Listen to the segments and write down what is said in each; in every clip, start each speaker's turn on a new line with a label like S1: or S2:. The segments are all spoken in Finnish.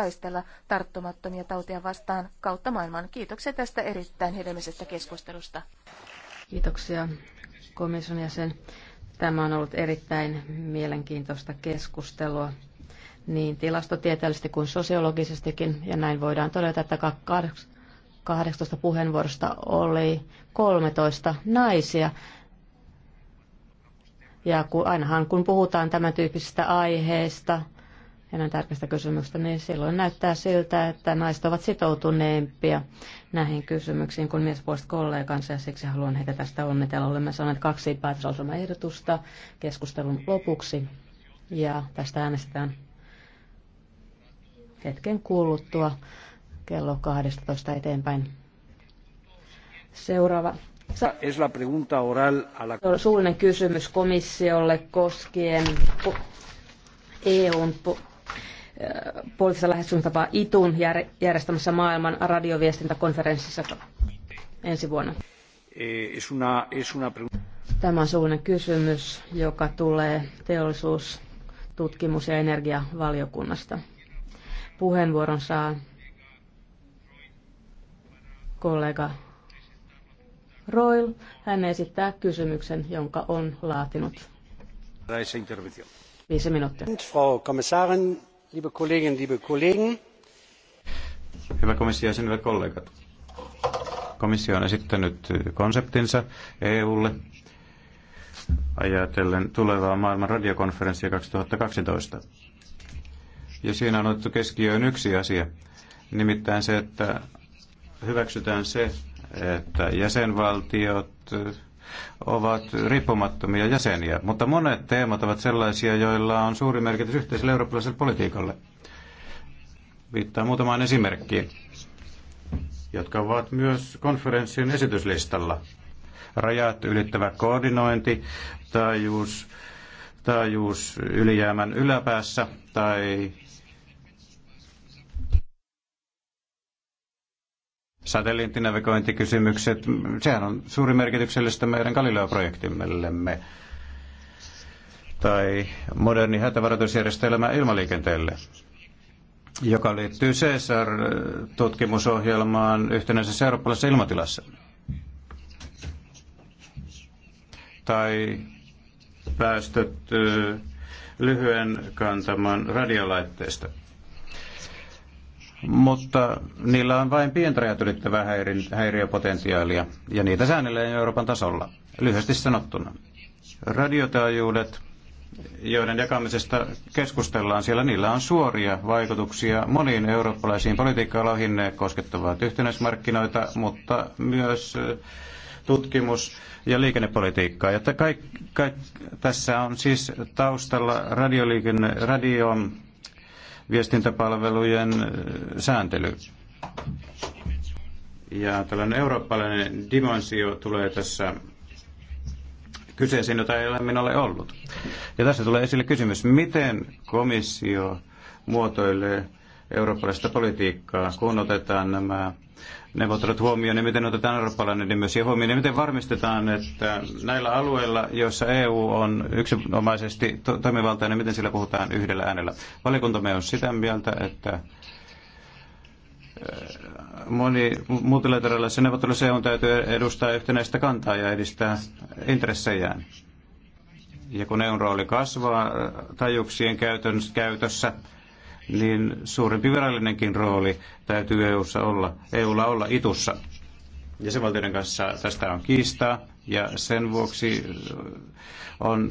S1: taistella tarttumattomia tautia vastaan kautta maailman. Kiitoksia tästä erittäin hedelmisestä keskustelusta.
S2: Kiitoksia komission jäsen. Tämä on ollut erittäin mielenkiintoista keskustelua niin tilastotieteellisesti kuin sosiologisestikin, ja näin voidaan todeta, että 18 puheenvuorosta oli 13 naisia. Ja kun, ainahan kun puhutaan tämän tyyppisistä aiheista, enää tärkeistä kysymystä, niin silloin näyttää siltä, että naiset ovat sitoutuneempia näihin kysymyksiin kuin miespuoliset kollegansa, ja siksi haluan heitä tästä onnitella. Olemme saaneet kaksi päätöslauselmaehdotusta keskustelun lopuksi, ja tästä äänestetään hetken kuuluttua kello 12 eteenpäin. Seuraava.
S3: Es la pregunta oral a la...
S2: Suullinen kysymys komissiolle koskien EUn poliittista lähestymistapaa ITUN järjestämässä maailman radioviestintäkonferenssissa ensi vuonna. Eh, Tämä on suullinen kysymys, joka tulee teollisuus, tutkimus- ja energiavaliokunnasta. Puheenvuoron saa kollega Roil. Hän esittää kysymyksen, jonka on laatinut. Viisi minuuttia.
S3: Frau Kommissarin, liebe Kolleginnen, liebe Kollegen. Hyvä komissio jäsen, hyvät kollegat. Komissio on esittänyt konseptinsa EUlle ajatellen tulevaa maailman radiokonferenssia 2012. Ja siinä on otettu keskiöön yksi asia, nimittäin se, että hyväksytään se, että jäsenvaltiot ovat riippumattomia jäseniä, mutta monet teemat ovat sellaisia, joilla on suuri merkitys yhteiselle eurooppalaiselle politiikalle. Viittaa muutamaan esimerkkiin, jotka ovat myös konferenssin esityslistalla. Rajat ylittävä koordinointi, taajuus, taajuus ylijäämän yläpäässä tai satelliittinavigointikysymykset, sehän on suuri merkityksellistä meidän Galileo-projektimellemme tai moderni hätävaroitusjärjestelmä ilmaliikenteelle, joka liittyy CESAR-tutkimusohjelmaan yhtenäisessä eurooppalaisessa ilmatilassa. Tai päästöt lyhyen kantaman radiolaitteista mutta niillä on vain pientä rajat ylittävää häiriöpotentiaalia, ja niitä säännellään Euroopan tasolla, lyhyesti sanottuna. Radiotaajuudet, joiden jakamisesta keskustellaan, siellä niillä on suoria vaikutuksia moniin eurooppalaisiin politiikka-aloihin, ne koskettavat yhtenäismarkkinoita, mutta myös tutkimus- ja liikennepolitiikkaa. Jotta kaik, kaik, tässä on siis taustalla radioliikenne, radion viestintäpalvelujen äh, sääntely. Ja tällainen eurooppalainen dimensio tulee tässä kyseeseen, jota ei ole minulle ollut. Ja tässä tulee esille kysymys, miten komissio muotoilee eurooppalaista politiikkaa, kun otetaan nämä neuvottelut huomioon, ja miten otetaan eurooppalainen dimensio? huomioon, ja miten varmistetaan, että näillä alueilla, joissa EU on yksinomaisesti to- toimivaltainen, miten sillä puhutaan yhdellä äänellä. me on sitä mieltä, että äh, moni multilateraalisessa neuvottelussa EU täytyy edustaa yhtenäistä kantaa ja edistää intressejään. Ja kun EUn rooli kasvaa äh, tajuuksien käytön, käytössä, niin suurempi virallinenkin rooli täytyy EUssa olla, EUlla olla itussa. Jäsenvaltioiden kanssa tästä on kiistaa ja sen vuoksi äh, on,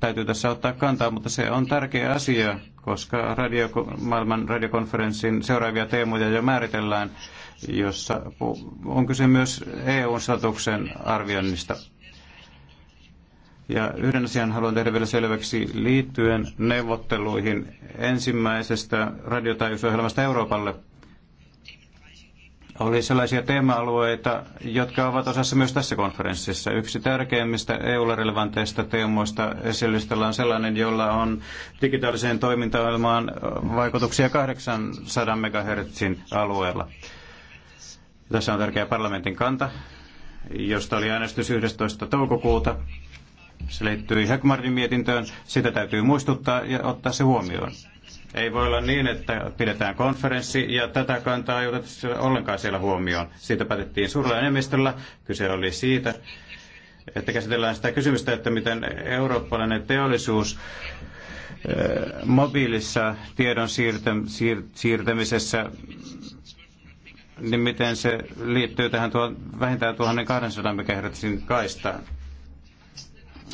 S3: täytyy tässä ottaa kantaa, mutta se on tärkeä asia, koska radio, maailman radiokonferenssin seuraavia teemoja jo määritellään, jossa on kyse myös EUn statuksen arvioinnista. Ja yhden asian haluan tehdä vielä selväksi liittyen neuvotteluihin ensimmäisestä radiotaajuusohjelmasta Euroopalle. Oli sellaisia teema-alueita, jotka ovat osassa myös tässä konferenssissa. Yksi tärkeimmistä EU-relevanteista teemoista esillistellä on sellainen, jolla on digitaaliseen toimintaohjelmaan vaikutuksia 800 MHz alueella. Tässä on tärkeä parlamentin kanta, josta oli äänestys 11. toukokuuta se liittyy Hekmarin mietintöön. Sitä täytyy muistuttaa ja ottaa se huomioon. Ei voi olla niin, että pidetään konferenssi ja tätä kantaa ei oteta ollenkaan siellä huomioon. Siitä päätettiin suurella enemmistöllä. Kyse oli siitä, että käsitellään sitä kysymystä, että miten eurooppalainen teollisuus eh, mobiilissa tiedon siirtämisessä, niin miten se liittyy tähän tuo, vähintään 1200 MHz kaistaan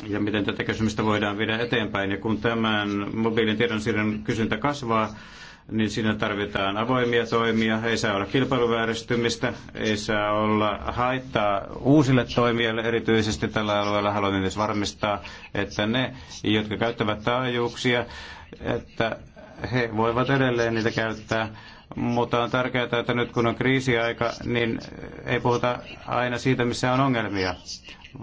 S3: ja miten tätä kysymystä voidaan viedä eteenpäin. Ja kun tämän mobiilin tiedonsiirron kysyntä kasvaa, niin siinä tarvitaan avoimia toimia, ei saa olla kilpailuvääristymistä, ei saa olla haittaa uusille toimijoille erityisesti tällä alueella. Haluamme myös varmistaa, että ne, jotka käyttävät taajuuksia, että he voivat edelleen niitä käyttää mutta on tärkeää, että nyt kun on kriisiaika, niin ei puhuta aina siitä, missä on ongelmia,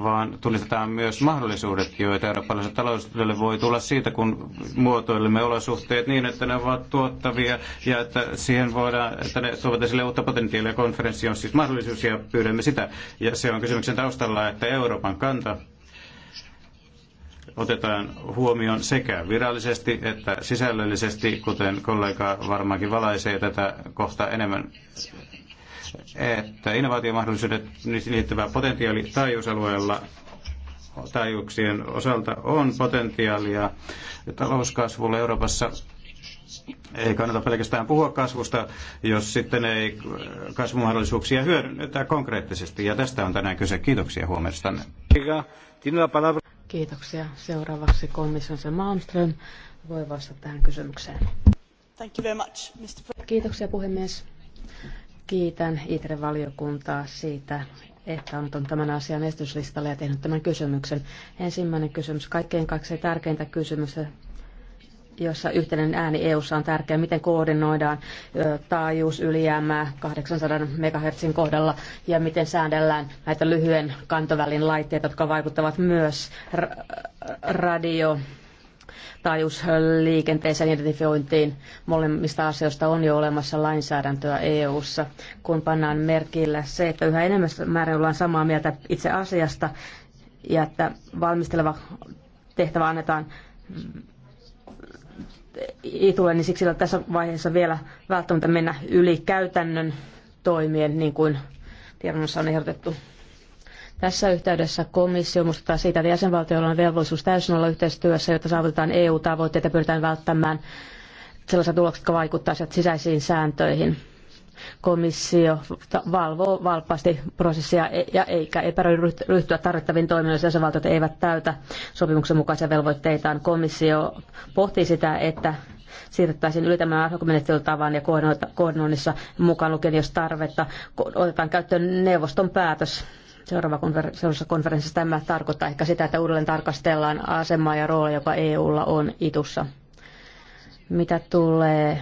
S3: vaan tunnistetaan myös mahdollisuudet, joita eurooppalaiselle taloudelle voi tulla siitä, kun muotoilemme olosuhteet niin, että ne ovat tuottavia ja että siihen voidaan, että ne tuovat esille uutta potentiaalia. Konferenssi on siis mahdollisuus ja pyydämme sitä. Ja se on kysymyksen taustalla, että Euroopan kanta otetaan huomioon sekä virallisesti että sisällöllisesti, kuten kollega varmaankin valaisee tätä kohtaa enemmän, että innovaatiomahdollisuudet niin liittyvä potentiaali taajuusalueella taajuuksien osalta on potentiaalia talouskasvulle Euroopassa ei kannata pelkästään puhua kasvusta, jos sitten ei kasvumahdollisuuksia hyödynnetä konkreettisesti. Ja tästä on tänään kyse. Kiitoksia huomestanne.
S2: Kiitoksia. Seuraavaksi komission se Malmström voi vastata tähän kysymykseen. Thank you very much, Mr. Kiitoksia puhemies. Kiitän ITRE-valiokuntaa siitä, että on tämän asian esityslistalle ja tehnyt tämän kysymyksen. Ensimmäinen kysymys, kaikkein kaksi tärkeintä kysymystä jossa yhteinen ääni EU:ssa on tärkeä, miten koordinoidaan taajuus ylijäämää 800 MHz kohdalla ja miten säädellään näitä lyhyen kantovälin laitteita, jotka vaikuttavat myös radio taajuusliikenteeseen identifiointiin. Molemmista asioista on jo olemassa lainsäädäntöä EU-ssa, kun pannaan merkille se, että yhä enemmän määrin ollaan samaa mieltä itse asiasta ja että valmisteleva tehtävä annetaan tule, niin siksi tässä vaiheessa vielä välttämättä mennä yli käytännön toimien, niin kuin tiedonnossa on ehdotettu. Tässä yhteydessä komissio muistuttaa siitä, että jäsenvaltioilla on velvollisuus täysin olla yhteistyössä, jotta saavutetaan EU-tavoitteita ja pyritään välttämään sellaisia tuloksia, jotka vaikuttaisivat sisäisiin sääntöihin komissio valvoo valppaasti prosessia ja eikä epäröi ryhtyä tarvittaviin toimiin, jos jäsenvaltiot eivät täytä sopimuksen mukaisia velvoitteitaan. Komissio pohtii sitä, että siirryttäisiin ylitämään menettelytavan ja koordinoinnissa mukaan lukien, jos tarvetta otetaan käyttöön neuvoston päätös seuraava seuraavassa konferenssissa tämä tarkoittaa ehkä sitä, että uudelleen tarkastellaan asemaa ja roolia, joka EUlla on itussa. Mitä tulee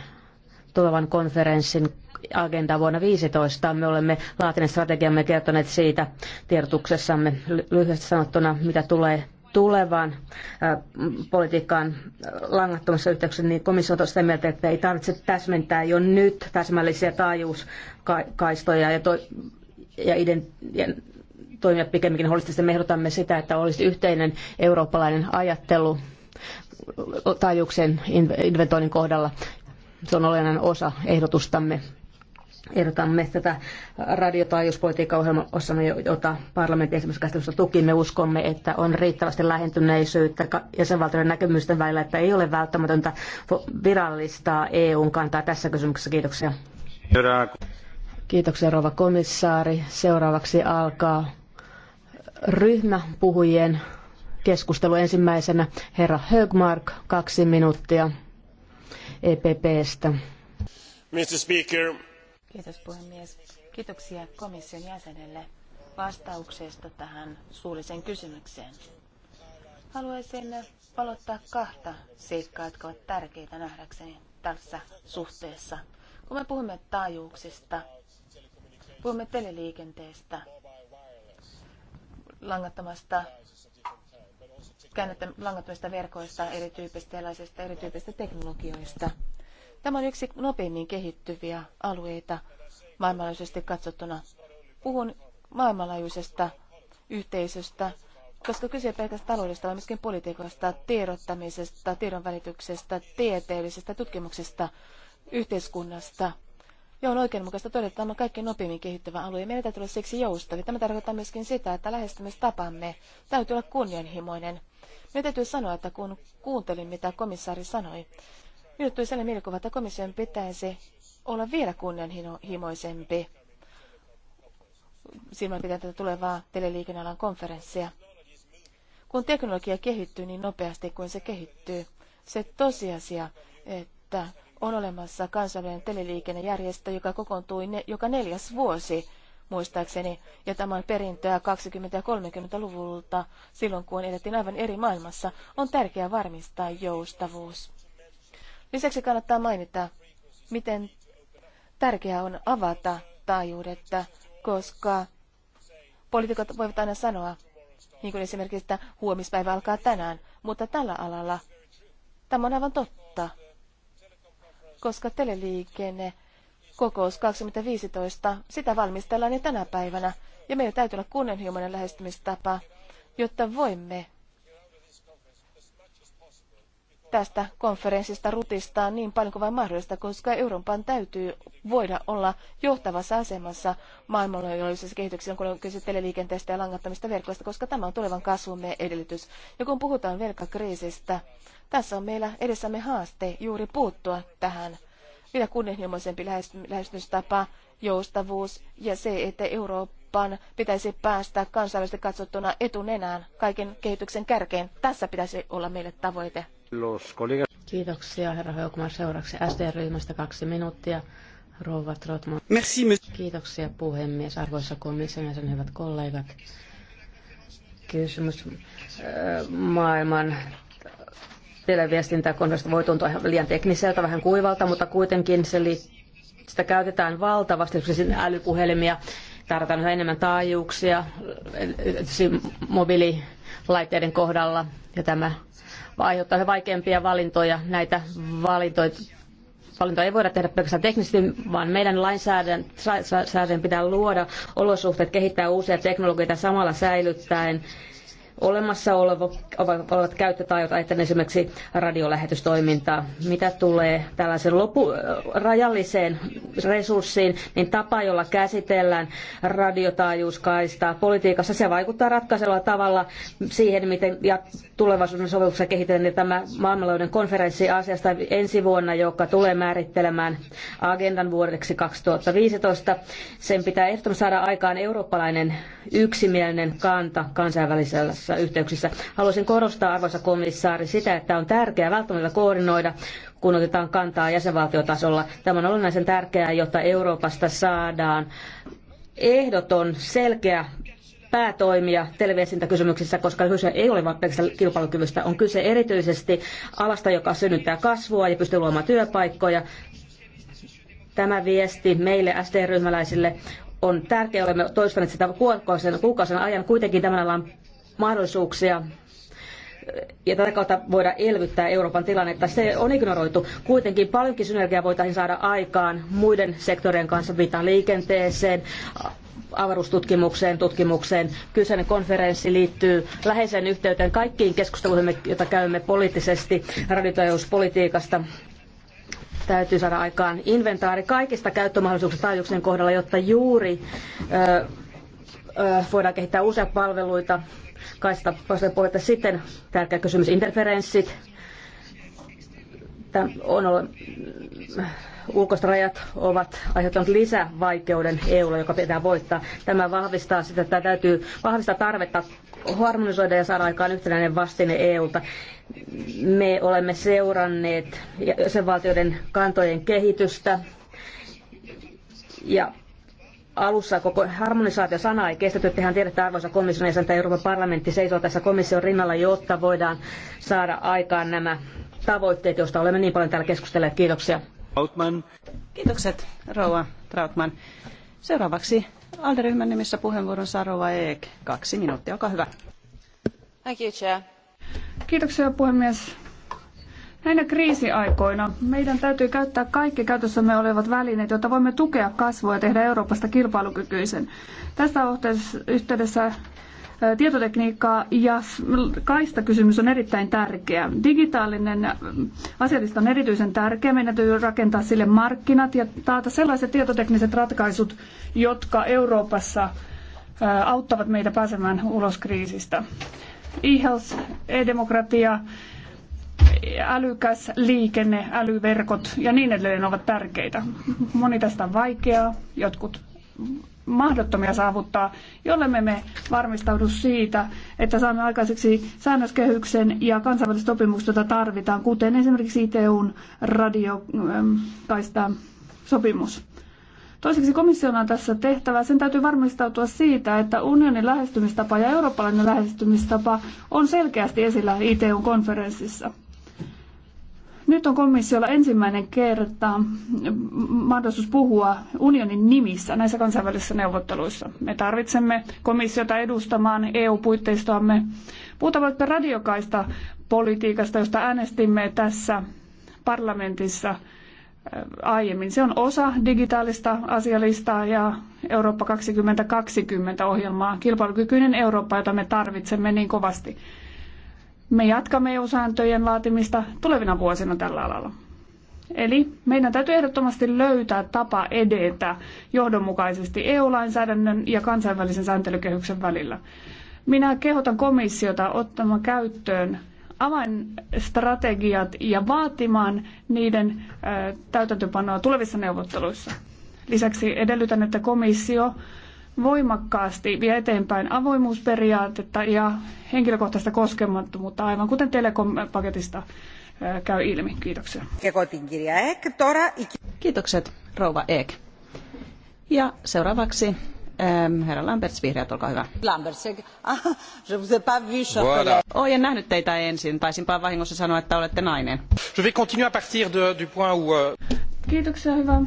S2: tulevan konferenssin agenda vuonna 2015. Me olemme laatineet strategiamme ja kertoneet siitä tiedotuksessamme lyhyesti sanottuna, mitä tulee tulevaan politiikkaan langattomassa yhteyksessä, niin komissio on sitä mieltä, että ei tarvitse täsmentää jo nyt täsmällisiä taajuuskaistoja ja, to- ja, ident- ja toimia pikemminkin holistisesti. Me ehdotamme sitä, että olisi yhteinen eurooppalainen ajattelu taajuuksien inventoinnin kohdalla. Se on olennainen osa ehdotustamme. Ehdotamme tätä radiotaajuuspolitiikan ohjelman osana, jota parlamentin ensimmäisessä käsittelyssä tuki. Me uskomme, että on riittävästi lähentyneisyyttä jäsenvaltioiden näkemysten välillä, että ei ole välttämätöntä virallistaa EUn kantaa tässä kysymyksessä. Kiitoksia. Kiitoksia rouva komissaari. Seuraavaksi alkaa ryhmäpuhujien keskustelu ensimmäisenä. Herra Högmark, kaksi minuuttia EPPstä.
S3: Mr. Speaker,
S1: Kiitos puhemies. Kiitoksia komission jäsenelle vastauksesta tähän suulliseen kysymykseen. Haluaisin valottaa kahta seikkaa, jotka ovat tärkeitä nähdäkseni tässä suhteessa. Kun me puhumme taajuuksista, puhumme teleliikenteestä, langattomasta langattomista verkoista, erityyppisistä erilaisista erityyppisistä teknologioista – Tämä on yksi nopeimmin niin kehittyviä alueita maailmanlaajuisesti katsottuna. Puhun maailmanlaajuisesta yhteisöstä, koska kyse ei pelkästään taloudesta, vaan myöskin politiikasta, tiedottamisesta, tiedonvälityksestä, tieteellisestä tutkimuksesta, yhteiskunnasta. Ja on oikeudenmukaista todeta, että tämä on kaikkein nopeimmin kehittyvä alue. Meidän täytyy olla siksi joustavia. Tämä tarkoittaa myöskin sitä, että lähestymistapamme täytyy olla kunnianhimoinen. Meidän täytyy sanoa, että kun kuuntelin, mitä komissaari sanoi, Minulle tuli sellainen mielikuva, että komission pitäisi olla vielä kunnianhimoisempi silmällä pitää tätä tulevaa teleliikennealan konferenssia. Kun teknologia kehittyy niin nopeasti kuin se kehittyy, se tosiasia, että on olemassa kansainvälinen teleliikennejärjestö, joka kokoontui ne, joka neljäs vuosi, muistaakseni, ja tämä on perintöä 20- ja 30-luvulta, silloin kun elettiin aivan eri maailmassa, on tärkeää varmistaa joustavuus. Lisäksi kannattaa mainita, miten tärkeää on avata taajuudetta, koska poliitikot voivat aina sanoa, niin kuin esimerkiksi, että huomispäivä alkaa tänään, mutta tällä alalla tämä on aivan totta, koska teleliikenne kokous 2015, sitä valmistellaan jo tänä päivänä, ja meillä täytyy olla kunnianhimoinen lähestymistapa, jotta voimme tästä konferenssista rutistaan niin paljon kuin vain mahdollista, koska Euroopan täytyy voida olla johtavassa asemassa maailmanlaajuisessa kehityksessä, kun on kyse teleliikenteestä ja langattomista verkoista, koska tämä on tulevan kasvumme edellytys. Ja kun puhutaan velkakriisistä, tässä on meillä edessämme haaste juuri puuttua tähän. Vielä kunnianhimoisempi lähestymistapa, joustavuus ja se, että Euroopan pitäisi päästä kansainvälisesti katsottuna etunenään kaiken kehityksen kärkeen. Tässä pitäisi olla meille tavoite.
S2: Kiitoksia, herra Höökman. Seuraavaksi SD-ryhmästä kaksi minuuttia. Rouva Trotman. Merci, Kiitoksia puhemies, arvoisa komission jäsen, hyvät kollegat. Kysymys maailman televiestintäkonferenssista voi tuntua ihan liian tekniseltä, vähän kuivalta, mutta kuitenkin se li- sitä käytetään valtavasti, älypuhelimia, tarvitaan yhä enemmän taajuuksia mobiililaitteiden kohdalla ja tämä aiheuttaa yhä vaikeampia valintoja. Näitä valintoja, valintoja ei voida tehdä pelkästään teknisesti, vaan meidän lainsäädännön pitää luoda olosuhteet, kehittää uusia teknologioita samalla säilyttäen olemassa olevat käyttötaajot, ajattelen esimerkiksi radiolähetystoimintaa. Mitä tulee tällaisen lopu, äh, rajalliseen resurssiin, niin tapa, jolla käsitellään radiotaajuuskaistaa politiikassa, se vaikuttaa ratkaisella tavalla siihen, miten ja tulevaisuuden sovelluksia kehitetään. Ja tämä maailmanlaajuinen konferenssi asiasta ensi vuonna, joka tulee määrittelemään agendan vuodeksi 2015, sen pitää ehdottomasti saada aikaan eurooppalainen yksimielinen kanta kansainvälisellä tässä yhteyksissä. Haluaisin korostaa, arvoisa komissaari, sitä, että on tärkeää välttämättä koordinoida, kun otetaan kantaa jäsenvaltiotasolla. Tämä on olennaisen tärkeää, jotta Euroopasta saadaan ehdoton, selkeä päätoimia televiestintäkysymyksissä, koska kyse ei ole vain pelkästään kilpailukyvystä. On kyse erityisesti alasta, joka synnyttää kasvua ja pystyy luomaan työpaikkoja. Tämä viesti meille ST-ryhmäläisille on tärkeä, olemme toistaneet sitä kuukausien, kuukausien ajan. Kuitenkin tämän alan mahdollisuuksia ja tätä kautta voida elvyttää Euroopan tilannetta. Se on ignoroitu. Kuitenkin paljonkin synergiaa voitaisiin saada aikaan muiden sektorien kanssa, viitaan liikenteeseen, avaruustutkimukseen, tutkimukseen. Kyseinen konferenssi liittyy läheiseen yhteyteen kaikkiin keskusteluihin, joita käymme poliittisesti radiotajuuspolitiikasta täytyy saada aikaan inventaari kaikista käyttömahdollisuuksista taajuuksien kohdalla, jotta juuri ö, ö, voidaan kehittää uusia palveluita kaista puhetta. Sitten tärkeä kysymys, interferenssit. Tämä on ollut, mm, ulkoista rajat ovat aiheuttaneet lisävaikeuden EUlla, joka pitää voittaa. Tämä vahvistaa sitä, että täytyy vahvistaa tarvetta harmonisoida ja saada aikaan yhtenäinen vastine EUlta. Me olemme seuranneet jäsenvaltioiden kantojen kehitystä ja alussa koko harmonisaatio-sana ei kestetty. Tehän tiedätte arvoisa komission jäsen, että Euroopan parlamentti seisoo tässä komission rinnalla, jotta voidaan saada aikaan
S4: nämä tavoitteet, joista olemme niin paljon täällä keskustelleet. Kiitoksia. Trautman. Kiitokset, rouva Trautman. Seuraavaksi ALDE-ryhmän nimissä puheenvuoron saa rouva Eek. Kaksi minuuttia, olkaa hyvä.
S5: Thank you, chair. Kiitoksia puhemies. Näinä kriisiaikoina meidän täytyy käyttää kaikki käytössämme olevat välineet, jotta voimme tukea kasvua ja tehdä Euroopasta kilpailukykyisen. Tässä yhteydessä tietotekniikka ja kaistakysymys on erittäin tärkeä. Digitaalinen asialista on erityisen tärkeä. Meidän täytyy rakentaa sille markkinat ja taata sellaiset tietotekniset ratkaisut, jotka Euroopassa auttavat meitä pääsemään ulos kriisistä. E-health, e-demokratia, älykäs liikenne, älyverkot ja niin edelleen ovat tärkeitä. Moni tästä on vaikeaa, jotkut mahdottomia saavuttaa, jollemme me varmistaudu siitä, että saamme aikaiseksi säännöskehyksen ja kansainväliset sopimukset, joita tarvitaan, kuten esimerkiksi ITUn radiokaista ähm, sopimus. Toiseksi komissiolla on tässä tehtävä. Sen täytyy varmistautua siitä, että unionin lähestymistapa ja eurooppalainen lähestymistapa on selkeästi esillä ITU-konferenssissa. Nyt on komissiolla ensimmäinen kerta mahdollisuus puhua unionin nimissä näissä kansainvälisissä neuvotteluissa. Me tarvitsemme komissiota edustamaan EU-puitteistoamme. Puhutaan vaikka radiokaista politiikasta, josta äänestimme tässä parlamentissa äh, aiemmin. Se on osa digitaalista asialistaa ja Eurooppa 2020 ohjelmaa, kilpailukykyinen Eurooppa, jota me tarvitsemme niin kovasti. Me jatkamme EU-sääntöjen laatimista tulevina vuosina tällä alalla. Eli meidän täytyy ehdottomasti löytää tapa edetä johdonmukaisesti EU-lainsäädännön ja kansainvälisen sääntelykehyksen välillä. Minä kehotan komissiota ottamaan käyttöön avainstrategiat ja vaatimaan niiden täytäntöpanoa tulevissa neuvotteluissa. Lisäksi edellytän, että komissio voimakkaasti vie eteenpäin avoimuusperiaatetta ja henkilökohtaista koskemattomuutta, aivan kuten Telekom-paketista käy ilmi. Kiitoksia. Kiitokset, rouva
S4: Eek. Ja seuraavaksi ähm, herra Lamberts, vihreät, olkaa hyvä. Lamberts,
S3: ah, je vous ai pas vu, voilà.
S4: Oi, oh, en nähnyt teitä ensin. Taisinpa vahingossa sanoa, että olette nainen. Je vais continuer à partir de, du point où... Euh-
S3: Kiitoksia, hyvä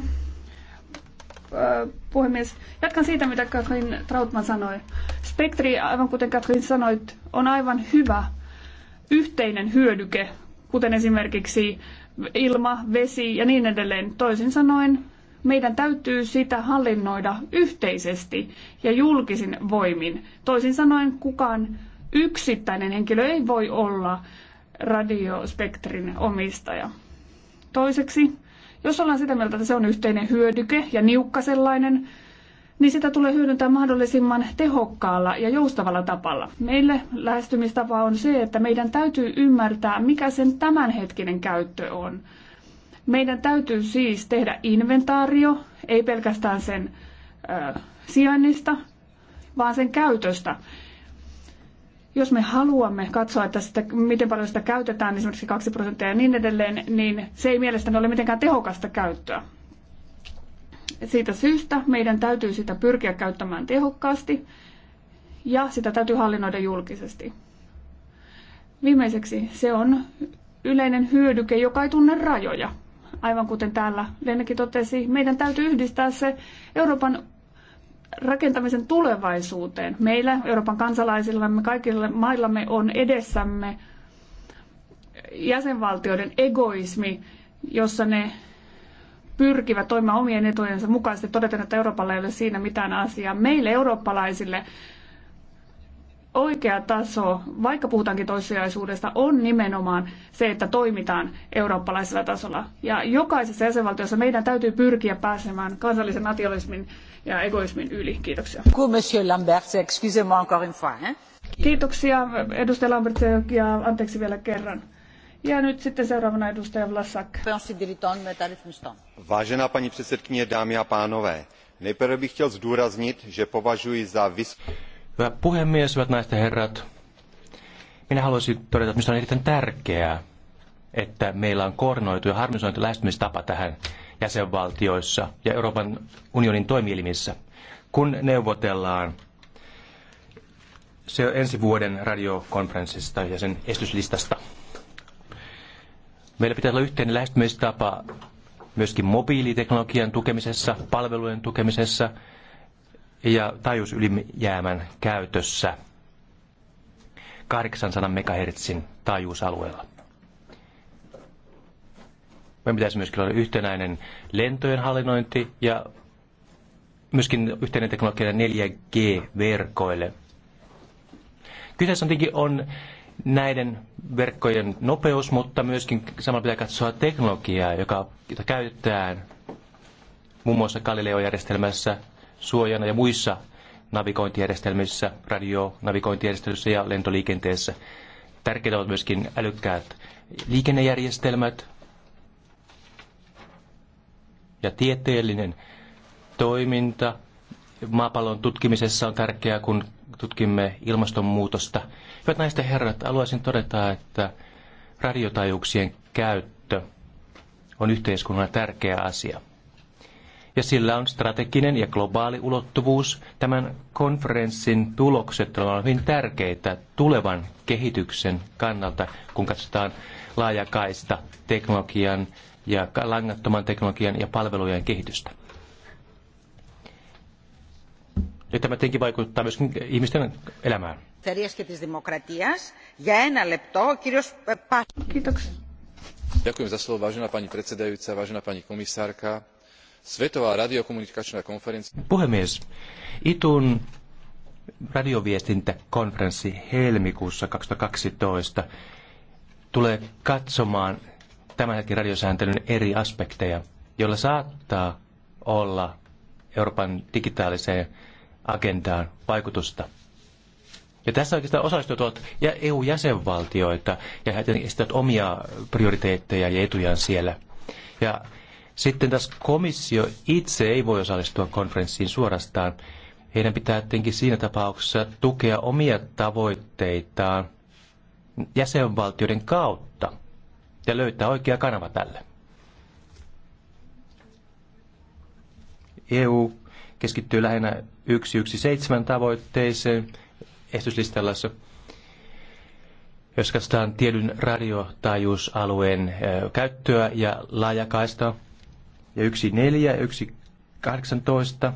S5: Äh, puhemies. Jatkan siitä, mitä Katrin Trautman sanoi. Spektri, aivan kuten Katrin sanoit, on aivan hyvä yhteinen hyödyke, kuten esimerkiksi ilma, vesi ja niin edelleen. Toisin sanoen, meidän täytyy sitä hallinnoida yhteisesti ja julkisin voimin. Toisin sanoen, kukaan yksittäinen henkilö ei voi olla radiospektrin omistaja. Toiseksi jos ollaan sitä mieltä, että se on yhteinen hyödyke ja niukka sellainen, niin sitä tulee hyödyntää mahdollisimman tehokkaalla ja joustavalla tapalla. Meille lähestymistapa on se, että meidän täytyy ymmärtää, mikä sen tämänhetkinen käyttö on. Meidän täytyy siis tehdä inventaario, ei pelkästään sen ö, sijainnista, vaan sen käytöstä. Jos me haluamme katsoa, että sitä, miten paljon sitä käytetään, esimerkiksi 2 prosenttia ja niin edelleen, niin se ei mielestäni ole mitenkään tehokasta käyttöä. Siitä syystä meidän täytyy sitä pyrkiä käyttämään tehokkaasti ja sitä täytyy hallinnoida julkisesti. Viimeiseksi se on yleinen hyödyke, joka ei tunne rajoja. Aivan kuten täällä Lennekin totesi, meidän täytyy yhdistää se Euroopan rakentamisen tulevaisuuteen. Meillä, Euroopan kansalaisillamme, kaikille maillamme on edessämme jäsenvaltioiden egoismi, jossa ne pyrkivät toimimaan omien etujensa mukaisesti todeten, että Euroopalla ei ole siinä mitään asiaa. Meille eurooppalaisille oikea taso, vaikka puhutaankin toissijaisuudesta, on nimenomaan se, että toimitaan eurooppalaisella tasolla. Ja jokaisessa jäsenvaltiossa meidän täytyy pyrkiä pääsemään kansallisen nationalismin ja egoismin yli. Kiitoksia. Monsieur Lambert, excusez-moi encore une fois. Hein? Kiitoksia edustaja Lambert ja anteeksi vielä kerran. Ja nyt sitten seuraavana edustaja Vlasak.
S6: Vážená paní předsedkyně, dámy a pánové, nejprve bych chtěl zdůraznit, že považuji za vys... Hyvä puhemies, hyvät naiset ja herrat. Minä haluaisin todeta, että minusta on erittäin tärkeää, että meillä on koordinoitu ja harmonisointi lähestymistapa tähän jäsenvaltioissa ja Euroopan unionin toimielimissä, kun neuvotellaan se ensi vuoden radiokonferenssista ja sen estyslistasta. Meillä pitää olla yhteinen lähestymistapa myöskin mobiiliteknologian tukemisessa, palvelujen tukemisessa ja taajuusylijäämän käytössä 800 megahertsin taajuusalueella. Meidän pitäisi myöskin olla yhtenäinen lentojen hallinnointi ja myöskin yhteinen teknologia 4G-verkoille. Kyseessä on tietenkin on näiden verkkojen nopeus, mutta myöskin samalla pitää katsoa teknologiaa, joka, jota käytetään muun muassa Galileo-järjestelmässä suojana ja muissa navigointijärjestelmissä, radionavigointijärjestelmissä ja lentoliikenteessä. Tärkeitä ovat myöskin älykkäät liikennejärjestelmät, ja tieteellinen toiminta maapallon tutkimisessa on tärkeää, kun tutkimme ilmastonmuutosta. Hyvät naiset herrat, haluaisin todeta, että radiotajuuksien käyttö on yhteiskunnan tärkeä asia. Ja sillä on strateginen ja globaali ulottuvuus. Tämän konferenssin tulokset ovat hyvin tärkeitä tulevan kehityksen kannalta, kun katsotaan laajakaista teknologian ja langattoman teknologian ja palvelujen kehitystä. Ja tämä tietenkin vaikuttaa myöskin ihmisten elämään.
S4: Kiitoksia.
S2: Ďakujem za slovo, vážená pani predsedajúca, vážená pani komisárka. Svetová
S3: radiokomunikačná konferencia...
S6: Puhemies, ITUn radioviestintäkonferenssi helmikuussa 2012 tulee katsomaan tämän hetken radiosääntelyn eri aspekteja, joilla saattaa olla Euroopan digitaaliseen agendaan vaikutusta. Ja tässä oikeastaan osallistuvat ovat EU-jäsenvaltioita ja he esittävät omia prioriteetteja ja etujaan siellä. Ja sitten taas komissio itse ei voi osallistua konferenssiin suorastaan. Heidän pitää tietenkin siinä tapauksessa tukea omia tavoitteitaan jäsenvaltioiden kautta ja löytää oikea kanava tälle. EU keskittyy lähinnä 117 tavoitteeseen estyslistallassa, jos katsotaan tietyn radiotaajuusalueen eh, käyttöä ja laajakaista. Ja 1.4 ja 18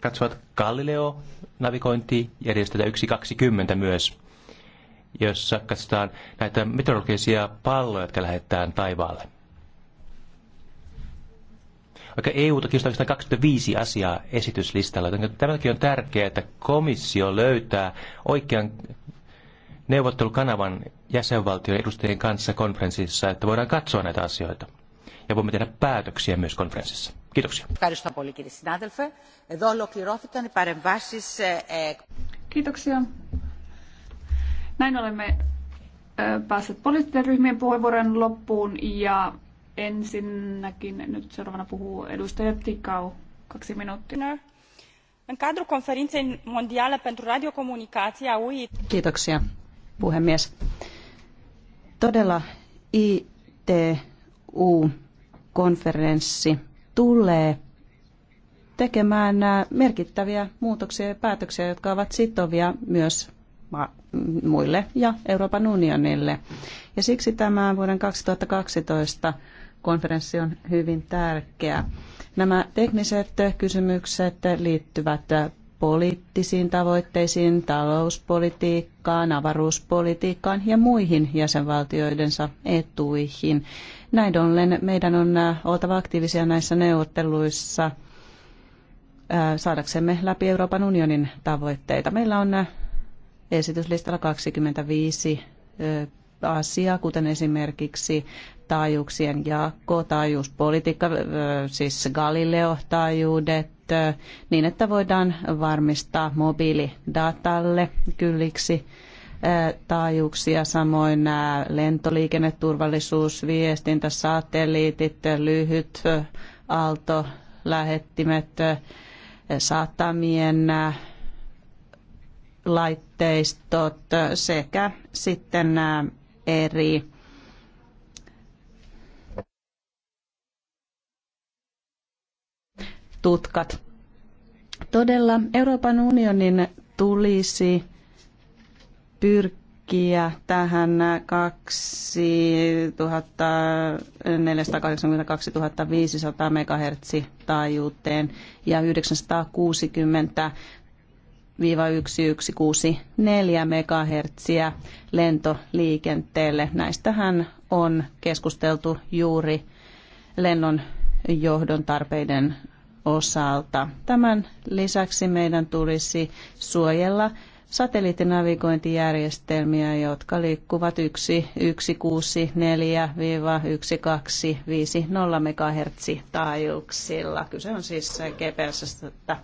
S6: katsovat Galileo-navigointi järjestetään 1.20 myös jossa katsotaan näitä meteorologisia palloja, jotka lähetetään taivaalle. Vaikka EU on 25 asiaa esityslistalla, joten tämäkin on tärkeää, että komissio löytää oikean neuvottelukanavan jäsenvaltion edustajien kanssa konferenssissa, että voidaan katsoa näitä asioita. Ja voimme tehdä päätöksiä myös konferenssissa. Kiitoksia.
S4: Kiitoksia.
S5: Näin olemme päässeet poliittisten ryhmien puheenvuoron loppuun ja ensinnäkin nyt seuraavana puhuu edustaja Tikau, kaksi minuuttia. No, în cadrul conferinței mondiale pentru radiocomunicații a
S4: Kiitoksia, puhemies. Todella ITU-konferenssi tulee tekemään merkittäviä muutoksia ja päätöksiä, jotka ovat sitovia myös muille ja Euroopan unionille. Ja siksi tämä vuoden 2012 konferenssi on hyvin tärkeä. Nämä tekniset kysymykset liittyvät poliittisiin tavoitteisiin, talouspolitiikkaan, avaruuspolitiikkaan ja muihin jäsenvaltioidensa etuihin. Näin ollen meidän on oltava aktiivisia näissä neuvotteluissa saadaksemme läpi Euroopan unionin tavoitteita. Meillä on esityslistalla 25 asiaa, kuten esimerkiksi taajuuksien jako, taajuuspolitiikka, siis Galileo-taajuudet, niin että voidaan varmistaa mobiilidatalle kylliksi taajuuksia, samoin nämä lentoliikenneturvallisuus, viestintä, satelliitit, lyhyt, aalto, lähettimet, satamien laitteistot sekä sitten nämä eri tutkat. Todella Euroopan unionin tulisi pyrkiä tähän 2482-2500 MHz taajuuteen ja 960 1164 megahertsiä lentoliikenteelle. Näistähän on keskusteltu juuri lennon johdon tarpeiden osalta. Tämän lisäksi meidän tulisi suojella satelliittinavigointijärjestelmiä, jotka liikkuvat 1164-1250 MHz taajuuksilla. Kyse on siis GPS-stä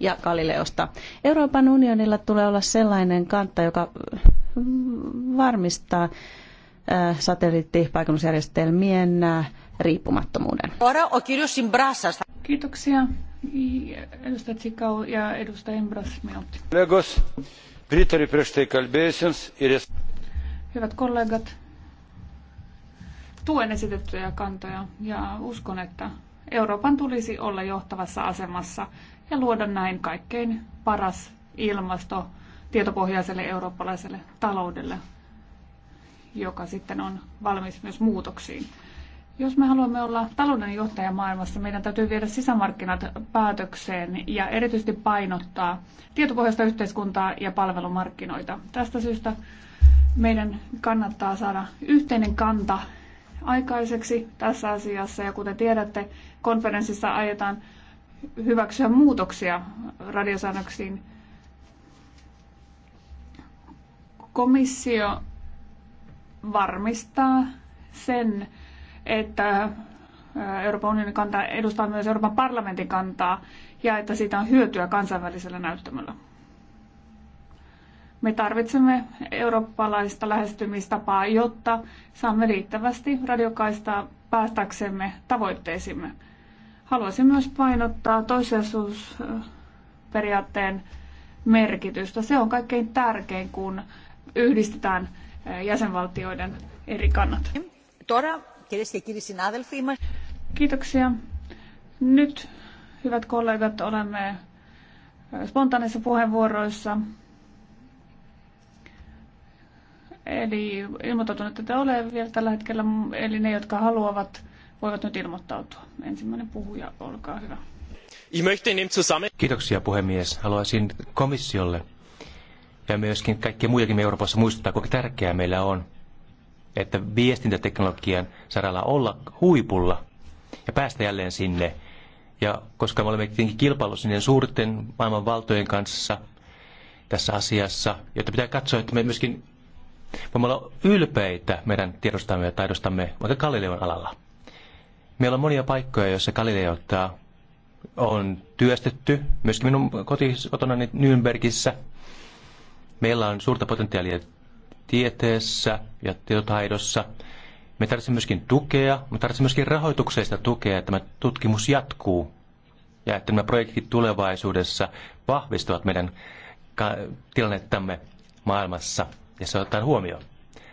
S4: ja Galileosta. Euroopan unionilla tulee olla sellainen kanta, joka mm, varmistaa äh, satelliittipaikannusjärjestelmien äh, riippumattomuuden.
S5: Kiitoksia. Edustaja Tsikau ja edustaja Imbras, minuutti. Hyvät kollegat, tuen esitettyjä kantoja ja uskon, että Euroopan tulisi olla johtavassa asemassa ja luoda näin kaikkein paras ilmasto tietopohjaiselle eurooppalaiselle taloudelle, joka sitten on valmis myös muutoksiin. Jos me haluamme olla talouden johtaja maailmassa, meidän täytyy viedä sisämarkkinat päätökseen ja erityisesti painottaa tietopohjaista yhteiskuntaa ja palvelumarkkinoita. Tästä syystä meidän kannattaa saada yhteinen kanta aikaiseksi tässä asiassa ja kuten tiedätte, konferenssissa ajetaan hyväksyä muutoksia radiosäännöksiin. Komissio varmistaa sen, että Euroopan unionin kanta edustaa myös Euroopan parlamentin kantaa ja että siitä on hyötyä kansainvälisellä näyttämällä. Me tarvitsemme eurooppalaista lähestymistapaa, jotta saamme riittävästi radiokaistaa päästäksemme tavoitteisimme. Haluaisin myös painottaa toisiasuusperiaatteen merkitystä. Se on kaikkein tärkein, kun yhdistetään eh, jäsenvaltioiden eri kannat. Kiitoksia. Nyt, hyvät kollegat, olemme eh, spontaanissa puheenvuoroissa. Eli ilmoitettu, että te ole vielä tällä hetkellä, eli ne, jotka haluavat voivat nyt ilmoittautua. Ensimmäinen puhuja, olkaa hyvä.
S6: Kiitoksia puhemies. Haluaisin komissiolle ja myöskin kaikkien muidenkin Euroopassa muistuttaa, kuinka tärkeää meillä on, että viestintäteknologian saralla olla huipulla ja päästä jälleen sinne. Ja koska me olemme tietenkin kilpailussa niiden suurten maailman valtojen kanssa tässä asiassa, jotta pitää katsoa, että me myöskin voimme olla ylpeitä meidän tiedostamme ja taidostamme vaikka Galileon alalla. Meillä on monia paikkoja, joissa Galileota on työstetty, myöskin minun kotisotonani Nürnbergissä. Meillä on suurta potentiaalia tieteessä ja tietotaidossa. Me tarvitsemme myöskin tukea, me tarvitsemme myöskin rahoitukseista tukea, että tämä tutkimus jatkuu ja että nämä projektit tulevaisuudessa vahvistavat meidän tilannettamme maailmassa ja se otetaan huomioon.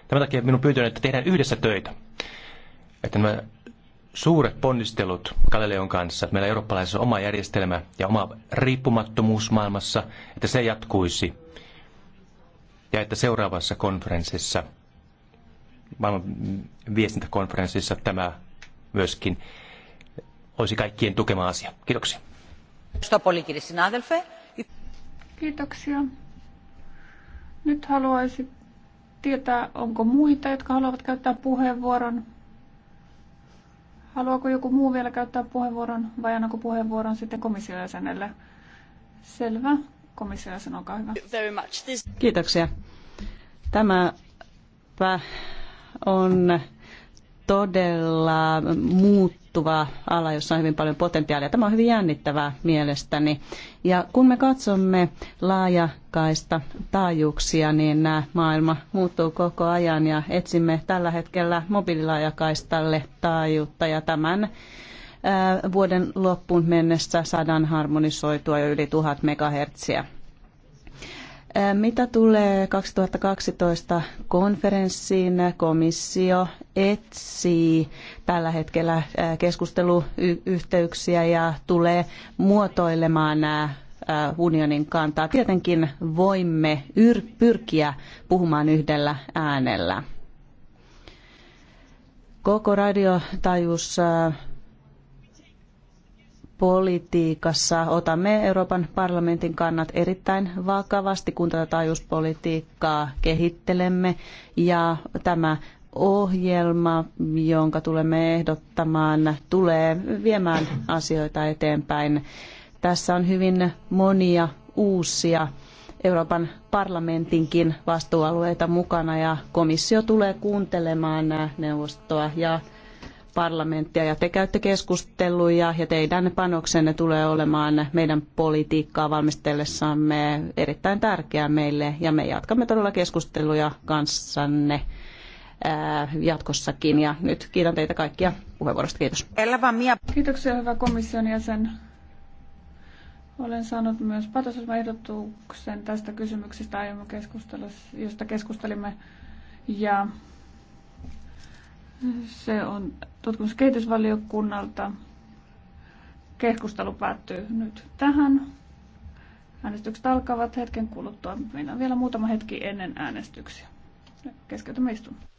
S6: Tämän takia minun pyyntöni, että tehdään yhdessä töitä, että nämä suuret ponnistelut Galileon kanssa, että meillä eurooppalaisessa on oma järjestelmä ja oma riippumattomuus maailmassa, että se jatkuisi. Ja että seuraavassa konferenssissa, maailman viestintäkonferenssissa tämä myöskin olisi kaikkien tukema asia. Kiitoksia.
S5: Kiitoksia. Nyt haluaisin tietää, onko muita, jotka haluavat käyttää puheenvuoron. Haluaako joku muu vielä käyttää puheenvuoron vai annako puheenvuoron sitten komissiojäsenelle? Selvä. Komissiojäsen, olkaa hyvä.
S4: Kiitoksia. Tämä on todella muuttuva ala, jossa on hyvin paljon potentiaalia. Tämä on hyvin jännittävää mielestäni. Ja kun me katsomme laajakaista taajuuksia, niin nämä maailma muuttuu koko ajan ja etsimme tällä hetkellä mobiililaajakaistalle taajuutta ja tämän vuoden loppuun mennessä saadaan harmonisoitua jo yli 1000 megahertsiä. Mitä tulee 2012 konferenssiin, komissio etsii tällä hetkellä keskusteluyhteyksiä ja tulee muotoilemaan unionin kantaa. Tietenkin voimme pyrkiä puhumaan yhdellä äänellä. Koko radiotaajuus politiikassa otamme Euroopan parlamentin kannat erittäin vakavasti, kun tätä taajuuspolitiikkaa kehittelemme. Ja tämä ohjelma, jonka tulemme ehdottamaan, tulee viemään asioita eteenpäin. Tässä on hyvin monia uusia Euroopan parlamentinkin vastuualueita mukana ja komissio tulee kuuntelemaan neuvostoa ja parlamenttia ja te käytte keskusteluja ja teidän panoksenne tulee olemaan meidän politiikkaa valmistellessamme erittäin tärkeää meille ja me jatkamme todella keskusteluja kanssanne jatkossakin. Ja nyt kiitän teitä kaikkia puheenvuorosta. Kiitos.
S5: Kiitoksia hyvä komission jäsen. Olen saanut myös ehdotuksen tästä kysymyksestä aiemmin keskustelussa, josta keskustelimme. Ja se on tutkimus- ja kehitysvaliokunnalta. Keskustelu päättyy nyt tähän. Äänestykset alkavat hetken kuluttua. Meillä on vielä muutama hetki ennen äänestyksiä. Keskeytämme istunnon.